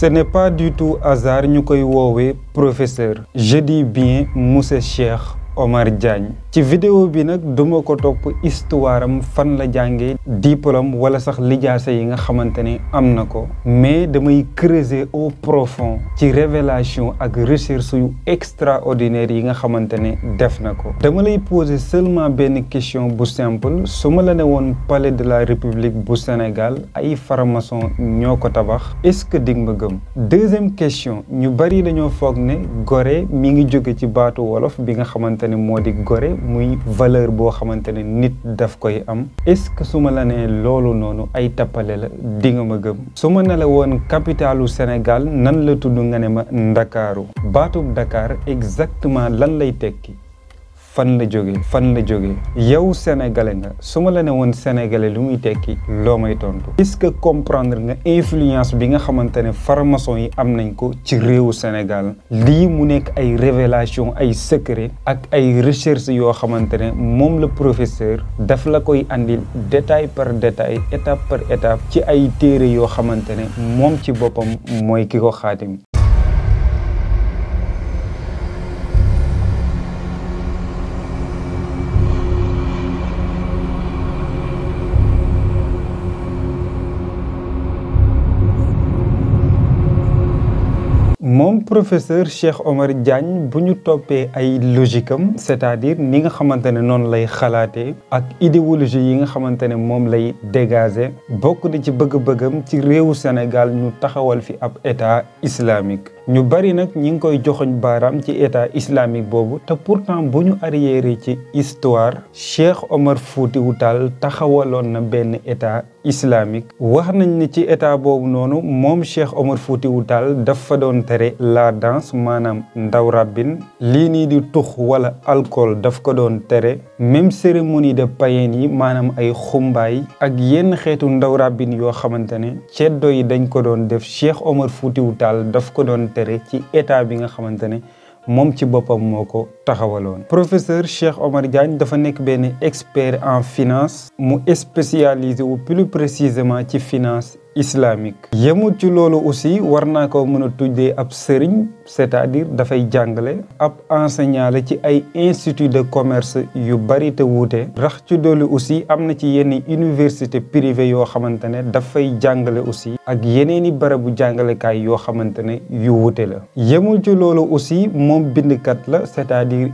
Ce n'est pas du tout hasard nous professeur je dis bien Moussé Cheikh Omar Diagne ci vidéo bi nag duma ko topp histoire am fan la jàngee diplôme wala sax lijaasa yi nga xamante ne am na ko mais damay creuser au profond ci révélation ak recherche yu extraordinaire yi nga xamante ne def na ko dama lay poser seulement benn question bu simple su ma la ne woon palais de la république bu Sénégal ay farmason ñoo ko tabax est-ce que dig ma gëm deuxième question ñu bari dañoo foog ne Gorée mi ngi jóge ci baatu wolof bi nga xamante xamante ne moo di gore muy valeur boo xamante ne nit daf koy am est-ce que su ma la nee loolu noonu ay tappale la di nga ma gëm su ma ne la woon capitalu Sénégal nan la tudd nga ne ma Ndakaaru baatub ndakaar exactement lan lay tekki fan la jóge fan la jóge yow sénégalais nga su ma la ne woon sénégalais lu muy tekki loo may tontu est-ce que comprendre nga influence bi nga xamante ne farmason yi am nañ ko ci réewu Sénégal lii mu nekk ay révélation ay secret ak ay recherche yoo xamante ne moom la professeur daf la koy andil détail par détail étape par étape ci ay téere yoo xamante ne moom ci boppam mooy ki ko xaatim maximum professeur Cheikh Omar Diagne bu ñu toppee ay logique am cest à ni nga xamante ne noonu lay xalaatee ak idéologie yi nga xamante ne moom lay dégager bokk na ci bëgg-bëggam ci réewu Sénégal ñu taxawal fi ab état islamique ñu bari nag ñi ngi koy joxoñ baaraam ci état islamique boobu te pourtant bu ñu arriéré ci histoire Cheikh Omar Foutiyou taal taxawaloon na benn état islamique wax nañ ni ci état boobu noonu moom Cheikh Omar Foutiyou taal dafa doon tere la danse maanaam ndaw rabbin lii nii di tux wala alcool daf ko doon tere même cérémonie de païen yi maanaam ay xumbaay ak yenn xeetu ndaw rabbin yoo xamante ne ceddo yi dañ ko doon def Cheikh Omar Foutiou Tall daf ko doon tere ci état bi nga xamante ne moom ci boppam moo ko taxawaloon professeur Cheikh Omar Diagne dafa nekk benn expert en finance mu spécialisé wu plus précisément ci finance islamique yemul ci loolu aussi war naa ko mën a tuddee ab sëriñ c'est-à-dire dafay jàngale ab enseignant la ci ay institut de commerce yu bari te wuute rax ci doolu aussi am na ci yenn université privée yoo xamante ne dafay jàngale aussi ak yeneeni barabu jàngalekaay yoo xamante ne yu wuute la yemul ci loolu aussi moom bindkat la c'est-à-dire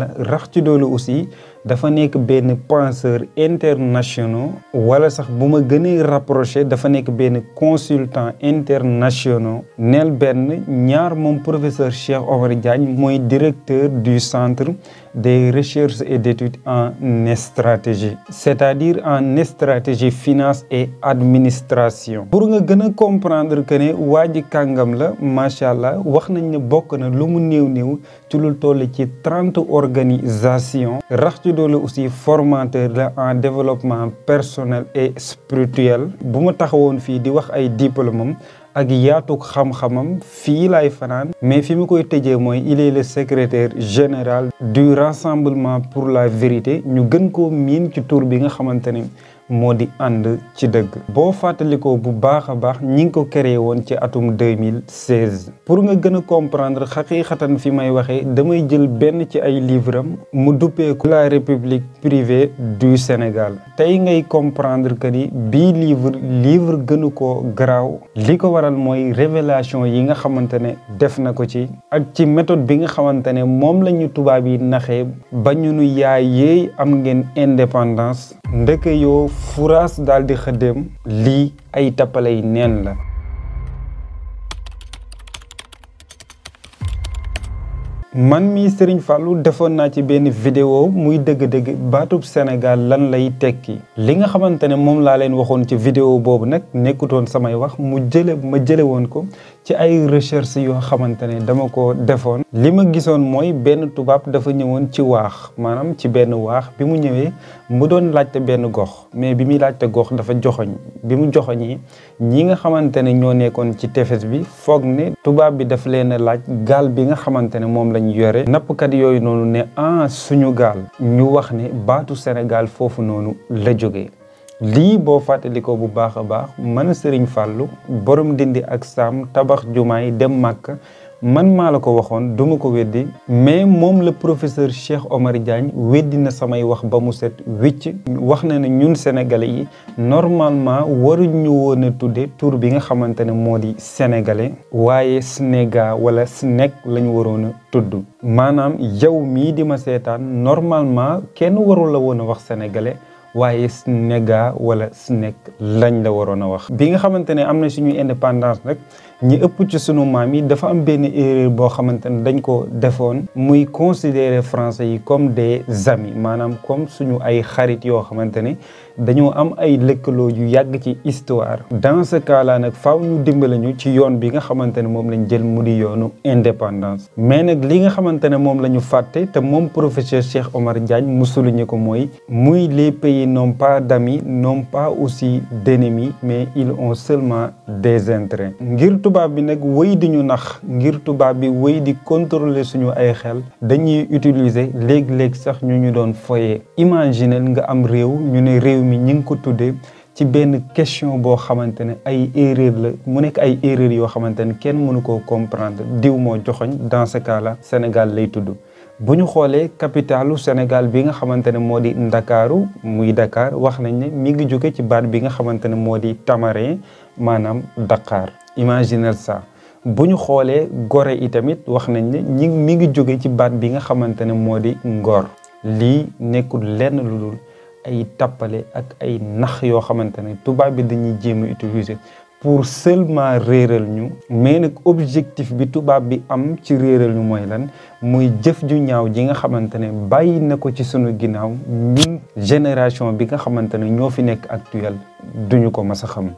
la rax ci doolu aussi dafa nek ben penseur international wala sax buma gëné me rapproché dafa nek ben consultant international nel ben ñaar mon professeur Cheikh Omar Diagne directeur du centre des recherches et d'études en stratégie c'est-à-dire en stratégie finance et administration pour nga comprendre que nous, Wadi Kangam la macha wax nañ ne na lu organisations rax ci aussi formateur en développement personnel et spirituel bu ma taxawoon di wax ay diplôme ak yaatuk xam-xamam fii laay fanaan mais fi mu koy tëjee mooy il est le secrétaire général du rassemblement pour la vérité ñu gën koo miin ci tur bi nga xamante ne moo di ànd ci dëgg boo fàttalikoo bu baax a baax ñi ngi ko créé woon ci atum 2016 pour nga gën a comprendre xaqiixatan fi may waxee damay jël benn ci ay livre am mu duppeeku la république privée du Sénégal tey ngay comprendre que ni bii livre livre gënu ko garaaw li ko waral mooy révélation yi nga xamante ne def na ko ci ak ci méthode bi nga xamante ne moom la ñu tubaab yi naxee ba ñu nu yaay yéey am ngeen indépendance ndeke yoo furaas daal di xëddeem lii ay tappalay neen la man mii Serigne Fallou defoon naa ci benn vidéo muy dëgg-dëgg baatub Sénégal lan lay tekki li nga xamante ne moom laa leen waxoon ci vidéo boobu nag nekkutoon samay wax mu jële ma jële woon ko ci ay recherche yoo xamante ne dama ko defoon li ma gisoon mooy benn tubaab dafa ñëwoon ci waax maanaam ci benn waax bi mu ñëwee mu doon laajte benn gox mais bi muy laajte gox dafa joxoñ bi mu joxoñ yi ñi nga xamante ne ñoo nekkoon ci tefes bi foog ne tubaab bi daf leen laaj gaal bi nga xamante ne moom la lañ yore nappkat yooyu noonu ne ah suñu gaal ñu wax ne baatu Sénégal foofu noonu la jógee lii boo fàttalikoo bu baax a baax mën a Sëriñ Fàllu borom dindi ak saam tabax jumaay dem màkk man maa la ko waxoon duma ko weddi mais moom la professeur Cheikh Omar Diagne weddi na samay wax ba mu set wicc wax na ne ñun sénégalais yi normalement waruñu woon a tudde tur bi nga xamante ne moo di sénégalais waaye Sénégal wala Sénég lañu waroon a tudd maanaam yow mii di ma seetaan normalement kenn warul la woon a wax sénégalais waaye snega wala snek lañ la waroon a wax. bi nga xamante ne am na suñuy indépendance nag ñi ëpp ci sunu maam yi dafa am benn erreur boo xamante ne dañ ko defoon muy considérer français yi comme des amis maanaam comme suñu ay xarit yoo xamante ne dañoo am ay lëkkaloo yu yàgg ci histoire. dans nag faw ñu dimbali ñu ci yoon bi nga xamante ne moom lañ jël mu di yoonu indépendance mais nag li nga xamante ne moom la ñu fàtte te moom professeur Cheikh Omar Diagne mu souligné ko mooy qui n'ont pas d'amis n'ont pas aussi d'ennemis mais ils ont seulement des intérêts ngir tuba bi nag wéy di ñu nax ngir tuba bi wéy di contrôler suñu ay xel dañuy utiliser léeg-léeg sax ñu ñu doon foyee imaginel nga am réew ñu né réew mi ñing ko tuddee ci benn question boo xamante ne ay erreur la mu nekk ay erreur yoo xamante ne kenn mënu koo comprendre diw moo joxoñ dans ce cas là Sénégal lay tudd bu ñu xoolee capitalu Sénégal bi nga xamante ne moo di Ndakaaru muy dakaar wax nañ ne mi ngi jóge ci baat bi nga xamante ne moo di tamarin maanaam Dakar imaginez ça bu ñu xoolee Gorée itamit wax nañ ne ñi mi ngi jóge ci baat bi nga xamante ne moo di Ngor lii nekkul lenn lu dul ay tappale ak ay nax yoo xamante ne tubaab bi dañuy jéem a utiliser pour seulement réeral ñu mais nag objectif bi tubaab bi am ci réeral ñu mooy lan muy jëf ju ñaaw ji nga xamante ne bàyyi na ko ci sunu ginnaaw ñun génération bi nga xamante ne ñoo fi nekk actuelle duñu ko mas a xam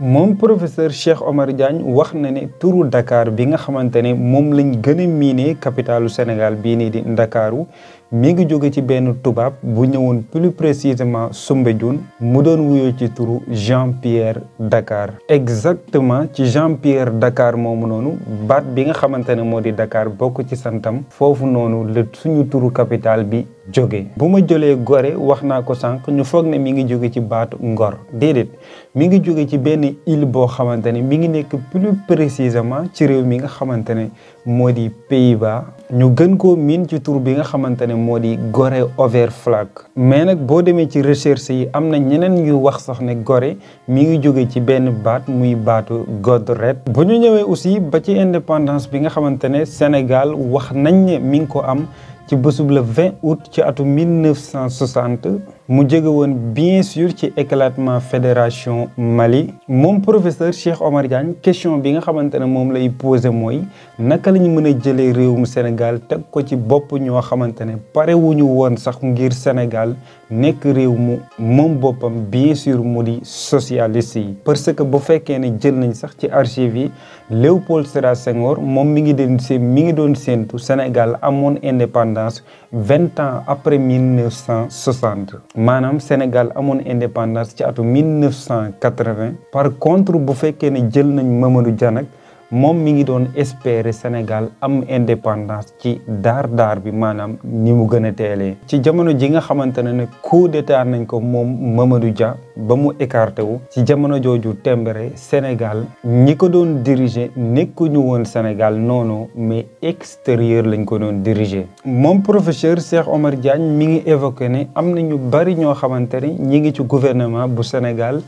moom professeur Cheikh Omar Diagne wax na ne turu Dakar bi nga xamante ne moom lañ gën a miinee capitalu Sénégal bii nii di Ndakaaru mi ngi jóge ci benn tubaab bu ñëwoon plus précisément Soumbédioune mu doon wuyoo ci turu Jean Pierre Dakar. exactement ci Jean Pierre Dakar moomu noonu baat bi nga xamante ne moo di Dakar bokk ci santam foofu noonu la suñu turu capital bi. jóge bu ma jëlee gore wax naa ko sànq ñu foog ne mi ngi jóge ci baatu ngor déedéet mi ngi jóge ci benn île boo xamante ne mi ngi nekk plus précisément ci réew mi nga xamante ne moo di Pays-Bas ñu gën ko miin ci tur bi nga xamante ne moo di Gorée Overflag mais nag boo demee ci recherche yi am na ñeneen ñuy wax sax ne gore mi ngi jóge ci benn baat muy baatu Goderet bu ñu ñëwee aussi ba ci indépendance bi nga xamante ne Sénégal wax nañ ne mi ngi ko am ci bésub le 20 août ci atum 1960 mu jege woon bien sûr ci éclatement fédération Mali moom professeur Cheikh Omar question bi nga xamante ne moom lay posé mooy naka la ñu mën a jëlee réewum Sénégal teg ko ci bopp ñoo xamante ne pare woon sax ngir Sénégal nekk réew mu moom boppam bien sûr mu di socialiste yi parce que bu fekkee ne jël nañ sax ci archive yi Léopold Sédar Senghor moom mi ngi doon mi ngi doon séentu Sénégal amoon indépendance vingt ans après mille cent soixante maanaam Sénégal amoon indépendance ci atu mille neuf quatre-vingt par contre bu fekkee ne jël nañu Mamadou Dia nag moom mi ngi doon espere Sénégal am indépendance ci daar daar bi maanaam ni mu gën a teelee ci jamono ji nga xamante ne ne coup d'état nañ ko moom Mamadou Dia ba mu écarté wu ci jamono jooju tembere Sénégal ñi ko doon diriger nekkuñu woon Sénégal noonu mais extérieur lañ ko doon diriger. moom professeur Cheikh Omar Diagne mi ngi évoqué ne am na ñu bari ñoo xamante ni ñi ngi ci gouvernement bu Sénégal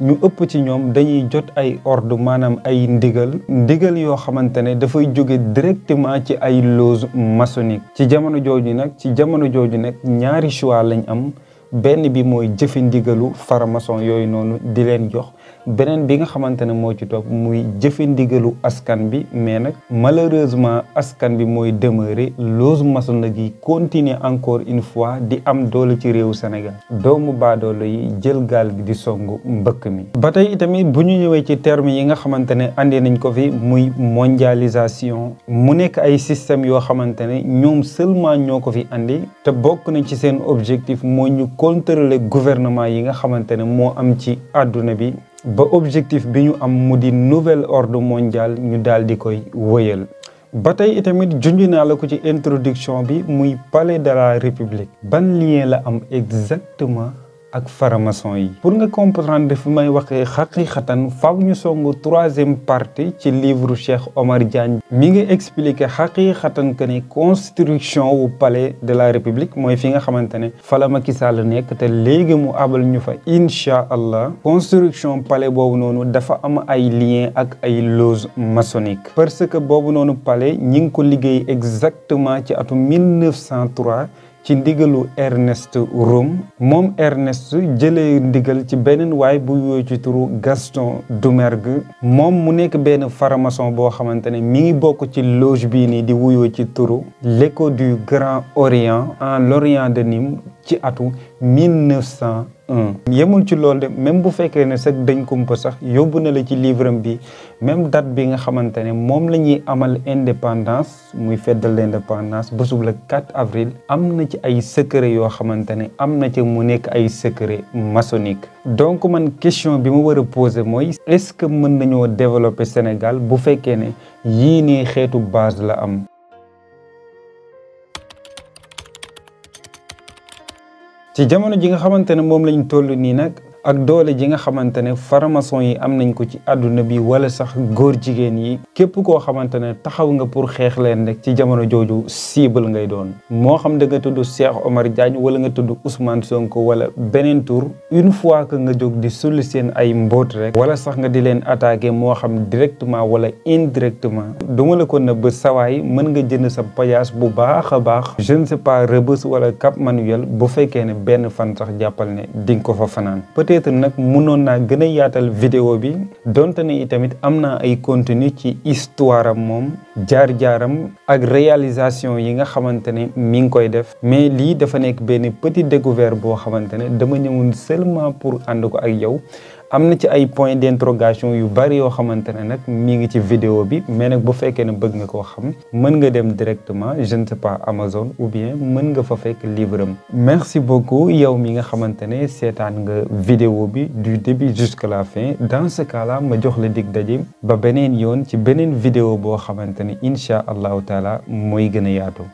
ñu ëpp ci ñoom dañuy jot ay ordre maanaam ay ndigal ndigal yoo xamante ne dafay jóge directement ci ay loge maçonnique ci jamono jooju nag ci jamono jooju nag ñaari choix lañ am benn bi mooy jëfe ndigalu faramason yooyu noonu di leen jox beneen bi nga xamante ne moo ci topp muy jëfe ndigalu askan bi mais nag malheureusement askan bi mooy demeurer loosu-maçonnerie gi continuer encore une fois di am doole ci réewu Sénégal doomu baadoolo yi jël gaal gi di songu mbëkk mi ba tey itamit bu ñu ñëwee ci terme yi nga xamante ne andi nañ ko fi muy mondialisation mu nekk ay système yoo xamante ne ñoom seulement ñoo ko fi andi te bokk na ci seen objectif moo ñu contrôler gouvernement yi nga xamante ne moo am ci àdduna bi ba objectif bi ñu am mu di nouvelle ordre mondial ñu daal di koy wëyal. ba tey itamit junj naa la ko ci introduction bi muy pale de la république ban lien la am exactement. ak faramason yi pour nga comprendre fi may waxee xaqiqatan faw ñu song troisième partie ci livre Cheikh Omar Diagne mi nga expliquer xaqiqatan que ne construction wu palais de la république mooy fi nga xamante ne fa la Macky Sall nekk te léegi mu abal ñu fa incha allah construction palais boobu noonu dafa am ay lien ak ay loge maçonnique parce que boobu noonu palais ñi ngi ko liggéey exactement ci atum 1903 ci Ernest rum moom Ernest jëlee ndigal ci beneen waay bu yooyu ci turu Gaston Dumergue, mom mu nekk benn faramason boo xamante mi ngi bokk ci loge di wuyoo ci turu l'écho du Grand Orient en l'Orient de Nîmes ci atu 1900 yemul ci lool de même bu fekkee ne sax dañ kumpa sax yóbbu na la ci livre bi même date bi nga xamante ne moom la ñuy amal indépendance muy fête de l'indépendance bésub la 4 avril am na ci ay secret yoo xamante ne am na ci mu nekk ay secret maçonnique donc man question bi ma war a poser mooy est-ce que mën nañoo développer Sénégal bu fekkee ne yii nii xeetu base la am ci jamono ji nga xamante ne moom lañ toll nii nag ak doole ji nga xamante ne farmason yi am nañ ko ci àdduna bi wala sax góor jigéen yi képp koo xamante ne taxaw nga pour xeex leen rek ci jamono jooju cible ngay doon moo xam da nga tudd Cheikh Omar Diagne wala nga tudd Ousmane Sonko wala beneen tur une fois que nga jóg di sulli seen ay mbóot rek wala sax nga di leen attaqué moo xam directement wala indirectement duma la ko nëbb sawaay mën nga jënd sa payaas bu baax a baax jeune ne sais pas wala Cap Manuel bu fekkee ne benn fan sax ne di ko fa fanaan peut nag mënoon naa gën a yaatal vidéo bi donte ne itamit am naa ay contenu ci histoire am moom jaar-jaaram ak réalisation yi nga xamante ne mi ngi koy def mais lii dafa nekk benn petit découvert boo xamante ne dama ñëwoon seulement pour ànd ko ak yow am ci ay point d'interrogation yu bari yo xamantene nak mi ngi ci vidéo bi mais nak bu fekkee ne bëgg nga ko xam mën nga dem directement je ne sais pas Amazon ou bien mën nga fa fekk merci beaucoup yow mi nga xamantene ne nga vidéo bi du début jusqu'à la fin dans ce cas là ma jox la dig ba benen yoon ci benen vidéo bo xamantene inshallah incha taala moy gëna